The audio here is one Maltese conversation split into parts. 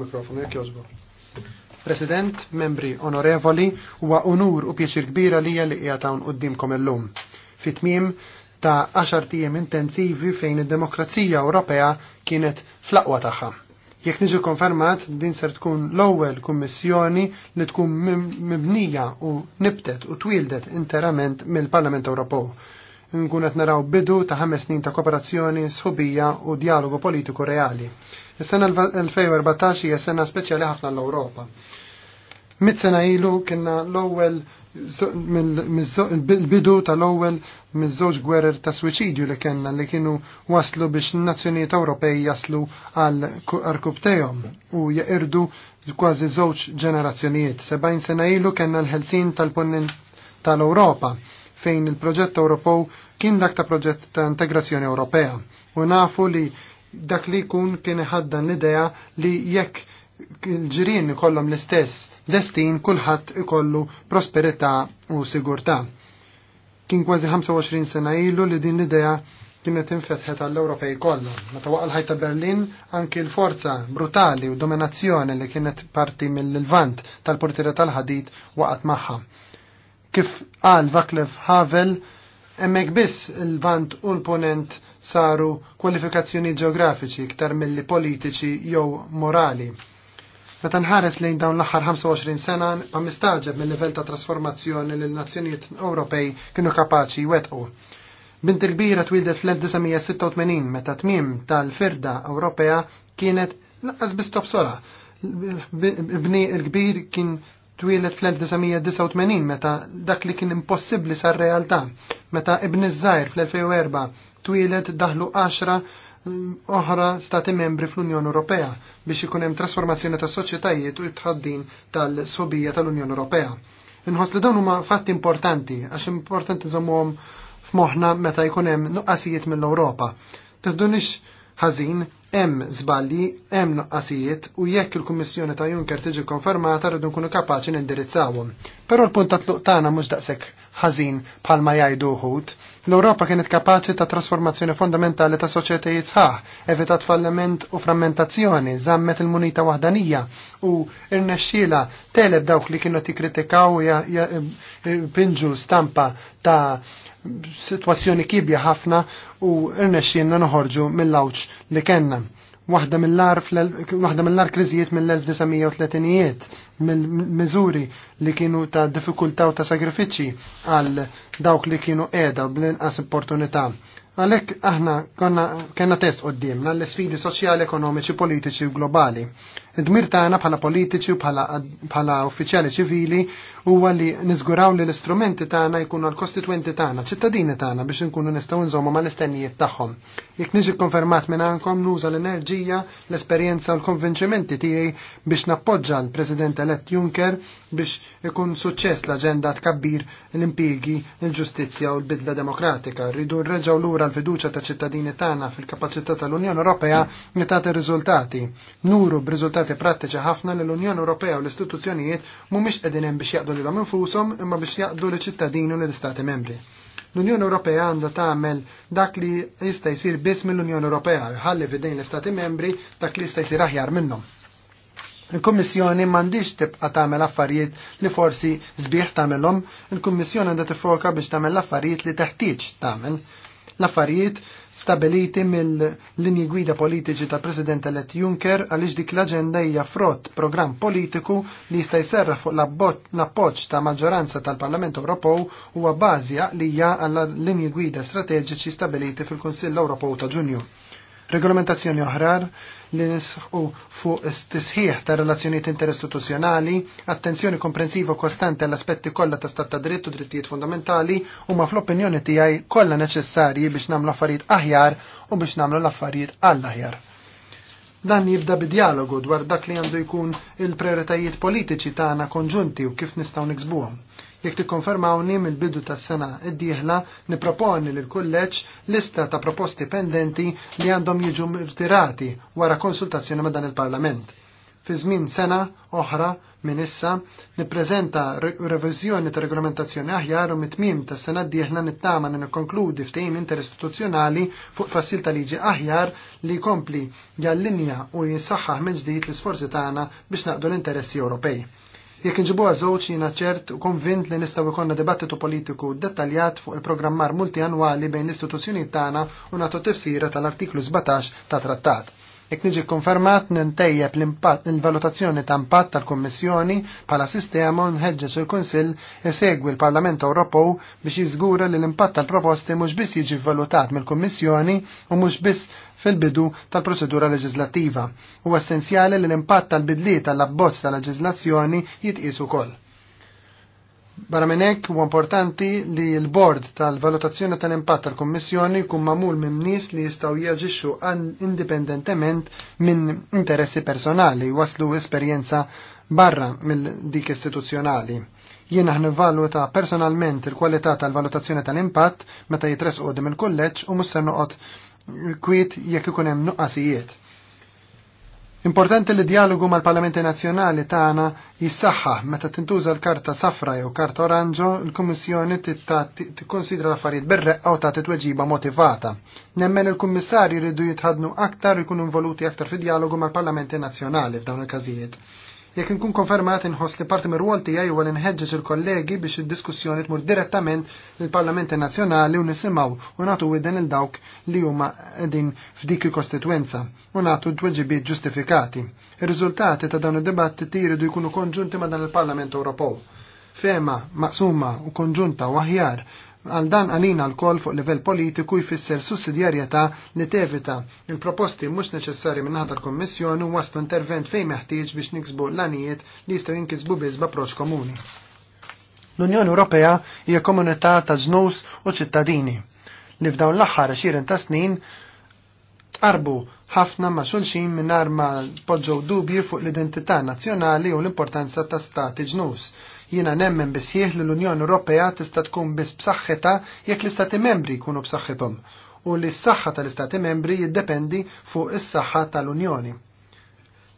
Mikrofon, jek jozbu. President, membri onorevoli, huwa unur u pjaċir kbira li li jgħatawn l illum. Fitmim ta' 10 tiegħem intensivi fejn id-demokrazija Ewropea kienet flaqwa tagħha. Jekk niġi konfermat, din ser tkun l-ewwel kummissjoni li tkun mibnija u nibtet u twildet interament mill-Parlament Ewropew nkun qed naraw bidu ta' ħames snin ta' kooperazzjoni, sħubija u dialogu politiku reali. Is-sena 2014 hija sena speċjali ħafna l-Ewropa. Mit sena ilu kienna l-ewwel il-bidu tal-ewwel miż-żewġ gwerer ta' swiċidju li kellna li kienu waslu biex n-nazzjonijiet Ewropej jaslu għal arkub u jeqirdu kważi żewġ ġenerazzjonijiet. Sebgħin sena ilu kellna l-ħelsin tal-ponnin tal-Ewropa fejn il-proġett Ewropew kien dak ta' proġett ta' integrazzjoni Ewropea u nafu li dak li kun kien ħaddan l-idea li jekk il-ġirien ikollhom l-istess destin kulħadd ikollu prosperità u sigurtà. Kien kważi 25 sena ilu li din l-idea kienet infetħet għall-Ewropej kollha. Meta waqal ħajta Berlin anki l-forza brutali u dominazzjoni li kienet parti mill-Lvant tal-portira tal-ħadid waqgħet magħha. Kif qal Vaklev Havel Emmek biss il-vant u l-ponent saru kwalifikazzjoni ġeografiċi iktar milli politiċi jew morali. Meta nħares lejn dawn l-aħħar 25 sena ma mistaġeb mill-livell ta' trasformazzjoni li l-nazzjonijiet Ewropej kienu kapaċi wetqu. Bint il-kbira twildet fl-1986 meta tmiem tal-firda Ewropea kienet laqqas bistobsora. Bni il-kbir kien twilet fl-1989 meta dak li kien impossibbli sar realtà meta Ibn Zajr fl-2004 twilet daħlu 10 mm, oħra stati membri fl-Unjoni Ewropea biex ikun hemm trasformazzjoni tas soċjetajiet u tħaddin tal-sobija tal-Unjoni Ewropea. Inħoss li dawn huma fatti importanti għax importanti nżommuhom f'moħħna meta jkun hemm nuqqasijiet mill-Ewropa. Teħdunix ħażin hemm żballi, hemm noqqasijiet u jekk il-Kummissjoni ta' Juncker tiġi konfermata rridu nkunu kapaċi nindirizzawhom. Però l-punt ta' tluq tagħna mhux daqshekk ħażin bħalma jgħidu wħud. L-Ewropa kienet kapaċi ta' trasformazzjoni fondamentali ta' soċjetajiet sħaħ, evitat falliment u frammentazzjoni, zammet il-munita waħdanija u irnexxiela teleb dawk li kienu tikkritikaw pinġu stampa ta' situazzjoni kibja ħafna u irnexxielna noħorġu mill-lawċ li kellna waħda mill-lar mill kriżijiet mill-1930ijiet mill-miżuri li kienu ta' diffikultà u ta' sagrifiċċji għal dawk li kienu qiegħda bl-inqas opportunità. Għalek aħna konna kena test qoddimna l-sfidi soċjali, ekonomiċi, politiċi u globali. Id-dmir tagħna bħala politiċi u bħala uffiċjali ċivili huwa li niżguraw li l-istrumenti tagħna jkunu l-kostitwenti tagħna, ċittadini tagħna biex inkunu nistgħu ma mal-istennijiet tagħhom. Jek niġi konfermat minn għankom nuża l-enerġija, l-esperjenza u l-konvinċimenti tiegħi biex nappoġġa l-President elett Juncker biex ikun suċċess l-aġenda tkabbir l impiegi l-ġustizzja u l-bidla demokratika. Rridu l lura l-fiduċja ta' ċittadini tagħna fil-kapaċità tal-Unjoni Ewropea li tagħti riżultati. Nuru b'riżultati prattiċi ħafna li l-Unjoni Ewropea u l-istituzzjonijiet mhumiex qegħdin hemm biex jaqdu lilhom infushom imma biex jaqdu l-ċittadini u l-Istati membri. L-Unjoni Ewropea għandha tagħmel dak li jista' jsir biss mill-Unjoni Ewropea, ħalli fidejn l-Istati membri dak li jista' jsir aħjar minnhom. Il-Kommissjoni m'għandix tibqa' tagħmel affarijiet li forsi sbieħ tagħmelhom, il-Kummissjoni għandha tifoka biex tagħmel l-affarijiet li teħtieġ tagħmel. L-affarijiet stabiliti mill-linji gwida politiċi tal President elett Juncker għaliex dik l-aġenda hija frott programm politiku li jista' jserra fuq l-appoġġ ta' maġġoranza tal-Parlament Ewropew huwa bażi hija għall linji gwida strateġiċi stabiliti fil-Kunsill Ewropew ta' Ġunju. Regolamentazzjoni oħrar li nisħu fuq istisħiħ ta' relazzjoniet interistituzzjonali, attenzjoni komprensiva kostanti għall aspetti kollha ta' stat ta' dritt u drittijiet fundamentali huma fl-opinjoni tiegħi kollha neċessarji biex nagħmlu affarijiet aħjar u biex nagħmlu l-affarijiet għall-aħjar. Dan jibda bid-dialogu dwar dak li għandu jkun il-prioritajiet politiċi tagħna konġunti u kif nistgħu niksbuhom. Jekk tikkonfermawni mill-bidu tas-sena id-dieħla niproponi lil kulleġġ lista ta' proposti pendenti li għandhom jiġu mirtirati wara konsultazzjoni ma' dan il-Parlament. Fi żmien sena oħra minn issa nippreżenta reviżjoni ta' regolamentazzjoni aħjar u mitmim tas-sena d-dieħla nittama li nikkonkludi ftehim interistituzzjonali fuq fassil ta' liġi aħjar li jkompli jallinja u jisaħħaħ minn ġdid l-isforzi tagħna biex naqdu l-interessi Ewropej. Jekk inġibu għazoċ jiena ċert u konvint li nistaw ikonna dibattitu politiku dettaljat fuq il-programmar multianwali bejn l-istituzzjoni tagħna u nagħtu tifsira tal-artiklu 17 ta' trattat. Jekk niġi konfermat nintejjeb l-impatt il-valutazzjoni ta' impatt tal-Kummissjoni bħala sistema nħeġġeġ il-Kunsill isegwi l-Parlament Ewropew biex jiżgura li l-impatt tal-proposti mhux biss jiġi valutat mill-Kummissjoni u mhux biss fil-bidu tal-proċedura leġislattiva. U essenzjali li l-impatt tal-bidliet tal-abbozz tal leġizlazzjoni jitqies ukoll. Barra minn hekk huwa importanti li l-bord tal-valutazzjoni tal-impatt tal-Kummissjoni jkun magħmul minn nies li jistgħu jaġixxu indipendentement minn interessi personali waslu esperjenza barra mill dik istituzzjonali. Jien aħna valuta personalment il-kwalità tal-valutazzjoni tal-impatt meta jitres qudiem il-kulleġġ u mhux se noqgħod kwiet jekk ikun hemm nuqqasijiet. Importanti li dialogu mal-Parlamenti Nazzjonali tagħna jissaħħaħ meta tintuża l-karta safra jew karta oranġo, il-Kummissjoni tikkonsidra l-affarijiet berreqqa u tagħti tweġiba motivata. Nemmen il-Kummissarji jridu jitħadnu aktar ikunu involuti aktar fi dialogu mal-Parlamenti Nazzjonali f'dawn il-każijiet. Jekk nkun konfermat inħoss li parti mir-rwol tiegħi huwa li nħeġġeġ il-kollegi biex id-diskussjoni tmur direttament lill parlament Nazzjonali u nisimgħu u nagħtu widen il dawk li huma qegħdin f'dik il-kostitwenza u nagħtu tweġibiet ġustifikati. Ir-riżultati ta' dawn id-dibattiti jridu jkunu konġunti ma' dan il-Parlament Ewropew. Fema, maqsuma u konġunta u aħjar Għal dan għalina l-kol fuq livell politiku jfisser sussidjarjetà li tevita il-proposti mhux neċessari minn ħadd l-Kommissjoni u waslu intervent fejn meħtieġ biex niksbu l-anijiet li jistgħu jinkisbu biss b'approċċ komuni. L-Unjoni Ewropea hija komunità ta' ġnus u ċittadini li f'dawn l-aħħar 20 ta' snin tqarbu ħafna ma' xulxin minn ma podġow dubji fuq l-identità nazzjonali u l-importanza ta' stati ġnus. Jiena nemmen bisħieħ li l-Unjoni Ewropea tista' tkun biss b'saħħetha jekk l-Istati Membri jkunu b'saħħithom u li s-saħħa tal-Istati Membri jiddependi fuq is-saħħa tal-Unjoni.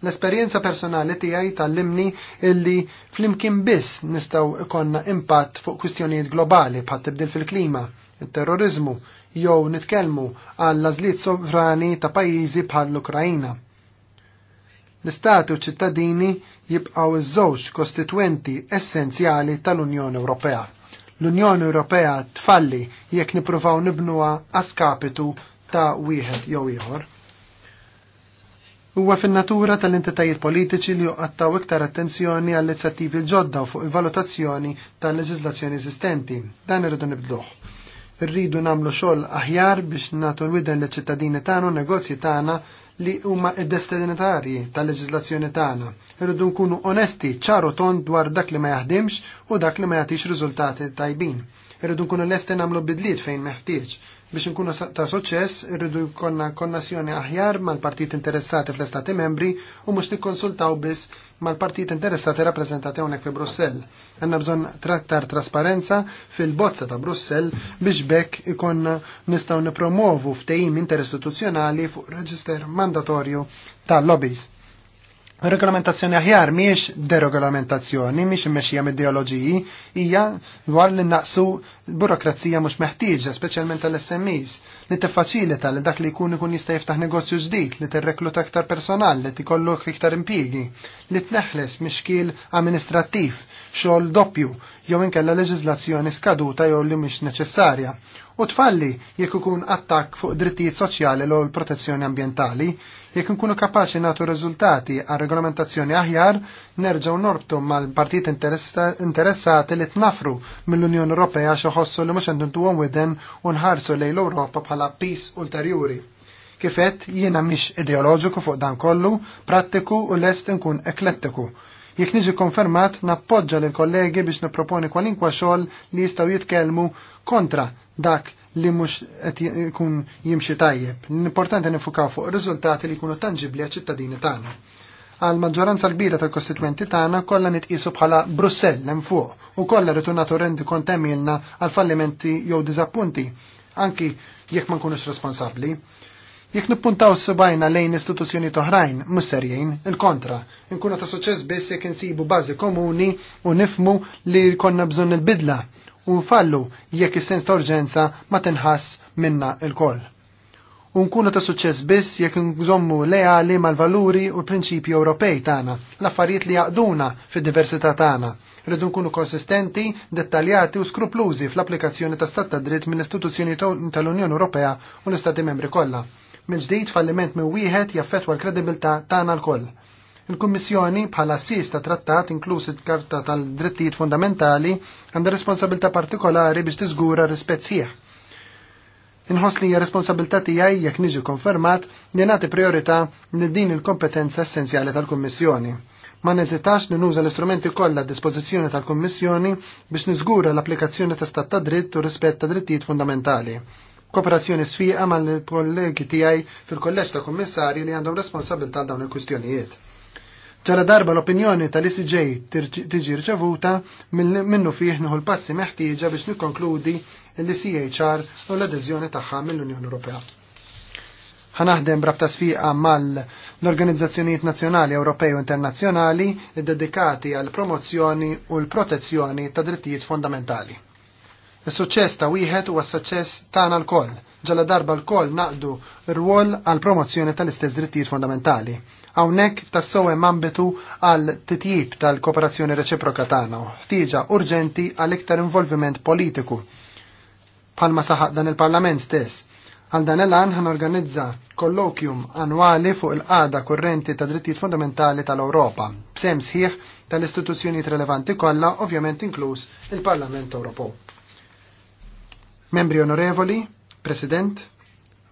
L-esperjenza personali tiegħi tallimni illi flimkien biss nistgħu ikonna impatt fuq kwistjonijiet globali bħal tibdil fil-klima, it-terrorizmu, jew nitkellmu għall għażliet sovrani ta' pajjiżi bħal l-Ukrajna L-Istati u ċittadini jibqaw iż-żewġ kostitwenti essenzjali tal-Unjoni Ewropea. L-Unjoni Ewropea tfalli jekk nippruvaw nibnuha għaskapitu ta' wieħed jew ieħor. Huwa fin-natura tal-entitajiet politiċi li juqattaw iktar attenzjoni għall inizjattivi ġodda fuq il-valutazzjoni tal-leġiżlazzjoni eżistenti. Dan irridu nibduh. Irridu nagħmlu xogħol aħjar biex nagħtu l-widen liċ-ċittadini tagħna u negozji tagħna li huma id-destinatarji tal leġislazzjoni tagħna. Irridu nkunu onesti, ċaru ton dwar dak li ma jaħdimx u dak li ma jagħtix riżultati tajbin. Irridu nkunu lesti nagħmlu bidliet fejn meħtieġ. Biex nkunu ta' soċess, irridu jkollna konnessjoni aħjar mal-partit interessati fl-Estati membri u mhux nikkonsultaw biss mal-partit interessati rappreżentati hawnhekk fi Brussell. Għandna bżonn traktar trasparenza fil-bozza ta' Brussell biex bekk ikonna nistgħu nipromovu ftehim interistituzzjonali fuq reġister mandatorju tal-lobbies. Regolamentazzjoni aħjar miex deregolamentazzjoni, miex immexxija me ideoloġiji hija dwar li naqsu burokrazija mhux meħtieġa, speċjalment tal-SMEs, li tiffaċilita li dak li jkun ikun jista' jiftaħ negozju ġdid, li tirrekluta aktar personal, li tikollok iktar impjiegi, li tneħles mixkil amministrattiv, xogħol doppju, jew inkella leġiżlazzjoni skaduta jew li mhix neċessarja u tfalli jekk ikun attakk fuq drittijiet soċjali l protezzjoni ambientali, jekk nkunu kapaċi natu riżultati għal regolamentazzjoni aħjar, nerġgħu norbtu mal-partit interessati li tnafru mill-Unjoni Ewropea xi ħossu li mhux għandhom widen u nħarsu lejn l-Ewropa bħala pis ulterjuri. Kifet jiena mhix ideoloġiku fuq dan kollu, prattiku u lest nkun eklettiku. Jek niġi konfermat, nappoġġa l kollegi biex niproponi kwalinkwa xogħol li jistgħu jitkellmu kontra dak li mhux qed jkun jimxi tajjeb. L-importanti nifukaw fuq riżultati li jkunu tanġibli għaċ-ċittadini tagħna. Għal maġġoranza l-bira tal-kostituenti tagħna kollha nitqisu bħala Brussell hemm fuq u kollha rritunatu rendi kont temilna għal fallimenti jew diżappunti, anki jekk ma nkunux responsabbli. Jekk nippuntaw s subajna lejn istituzzjoni toħrajn, mus serjejn, il-kontra. Nkunu ta' suċċess biss jekk insibu bażi komuni u nifmu li konna bżonn il-bidla u nfallu jekk is-sens ta' urġenza ma tinħass minna l koll U nkunu ta' suċċess biss jekk nżommu leali mal-valuri u l-prinċipji Ewropej tagħna, l-affarijiet li jaqduna fid-diversità tagħna. Rridu nkunu konsistenti, dettaljati u skruplużi fl-applikazzjoni ta' stat ta' dritt mill-istituzzjoni tal-Unjoni Ewropea u l-Istati membri kollha. mill ġdid falliment minn wieħed jaffetwa l-kredibilità tagħna l-koll Il-Kummissjoni bħala sista ta' trattat inklusi karta tal-Drittijiet Fundamentali għandha responsabilità partikolari biex tiżgura rispett sieħ. Inħoss li hija responsabilità tiegħi jekk niġi konfermat li nagħti priorità li din il-kompetenza essenzjali tal-Kummissjoni. Ma neżitax li nuża l-istrumenti kollha a dispożizzjoni tal-Kummissjoni biex niżgura l-applikazzjoni ta' stat ta' dritt u rispett ta' drittijiet fundamentali. Kooperazzjoni sfiqa mal-kollegi tiegħi fil-kolleġġ ta' kummissarji li għandhom responsabilità dawn il-kwistjonijiet ċara darba l-opinjoni tal-ICJ tiġi riċevuta minnu fiħnuħu l-passi meħtieġa biex nikkonkludi l-ICHR u l adezjoni tagħha mill-Unjoni Ewropea. Ħanaħdem rabta sfiqa mal l-organizzazzjonijiet nazzjonali Ewropej u internazzjonali dedikati għal promozzjoni u l-protezzjoni ta' drittijiet fondamentali. Is-suċċess ta' wieħed huwa s-suċċess tagħna lkoll. Ġala darba lkoll naqdu r-rwol għal promozzjoni tal-istess drittijiet fundamentali. Hawnhekk tassew hemm ambitu għal titjib tal-kooperazzjoni reċiproka tagħna u ħtieġa urġenti għal iktar involviment politiku bħalma saħaq dan il-Parlament stess. Għal dan il-għan ħan organizza kollokjum annwali fuq il-qada kurrenti ta' drittijiet fundamentali tal-Ewropa, b'sem sħiħ tal-istituzzjonijiet relevanti kollha, ovvjament inkluż il-Parlament Ewropew. Membri onorevoli, President,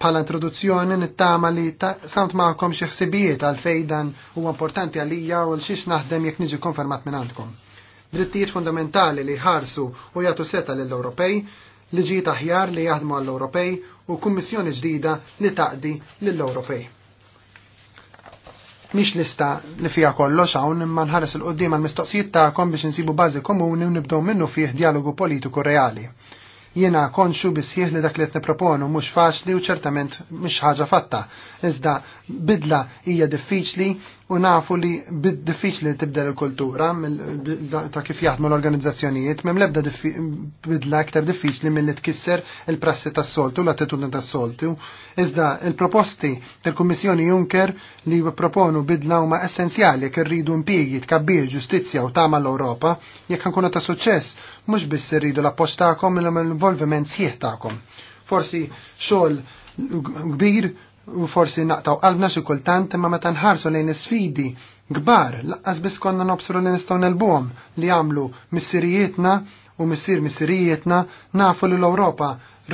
bħala introduzzjoni nittama li samt maħkom xi ħsibijiet għal fejdan u importanti għalija u l xiex naħdem jekk niġi konfermat minn għandkom. Drittijiet fundamentali li ħarsu u jagħtu seta lill-Ewropej, liġijiet aħjar li jaħdmu għall-Ewropej u kummissjoni ġdida li taqdi lill-Ewropej. Mhix lista li fija kollox hawn imman nħares il qoddim għall-mistoqsijiet tagħkom biex insibu bażi komuni u nibdew minnu fih dialogu politiku reali Jiena konxu bisħieħ li dak li qed niproponu mhux faċli u ċertament mhux ħaġa fatta. Iżda bidla hija diffiċli u nafu li diffiċli tibdel il-kultura ta' kif jaħdmu l-organizzazzjonijiet, mem lebda bidla aktar diffiċli mill-li tkisser il-prassi tas soltu l-attitudni tas soltu. Iżda il-proposti tal-Kummissjoni Juncker li proponu bidla huma essenzjali kif rridu impjiegi tkabbir ġustizzja u tama l-Ewropa, jekk nkunu ta' suċċess, mhux biss irridu l-appoġġ tagħkom mill-involviment sħiħ tagħkom. Forsi xogħol kbir u forsi naqtaw qalbna xi kultant imma meta nħarsu lejn isfidi kbar laqqas biss konna nobsru li nistgħu nelbuhom li jagħmlu missirijietna u missier missirijietna nafu li l-Ewropa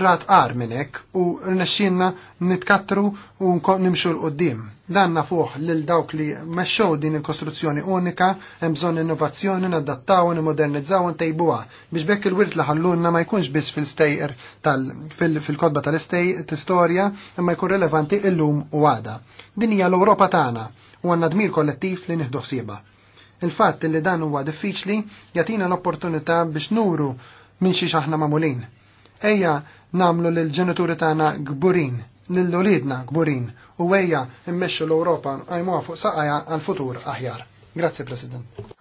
rat qar minn hekk u rnexxinna nitkattru u nimxu l qudiem Dan nafuħ lil dawk li mexxew din il-kostruzzjoni unika, hemm bżonn innovazzjoni nadattaw, nimodernizzaw u ntejbuha biex bekk il-wirt laħallunna ma jkunx biss fil-stejqer fil-kodba tal-istej tistorja imma jkun relevanti illum u għada. Din hija l-Ewropa tagħna u għandna dmir kollettiv li nieħdu ħsiebha. Il-fatt li dan huwa diffiċli jagħtina l-opportunità biex nuru minn xi aħna magħmulin. Ejja namlu lil ġenituri tagħna gburin lill-ulidna gburin u wejja immexxu l-Ewropa għajmuha fuq saqajja għal futur aħjar. Grazzi President.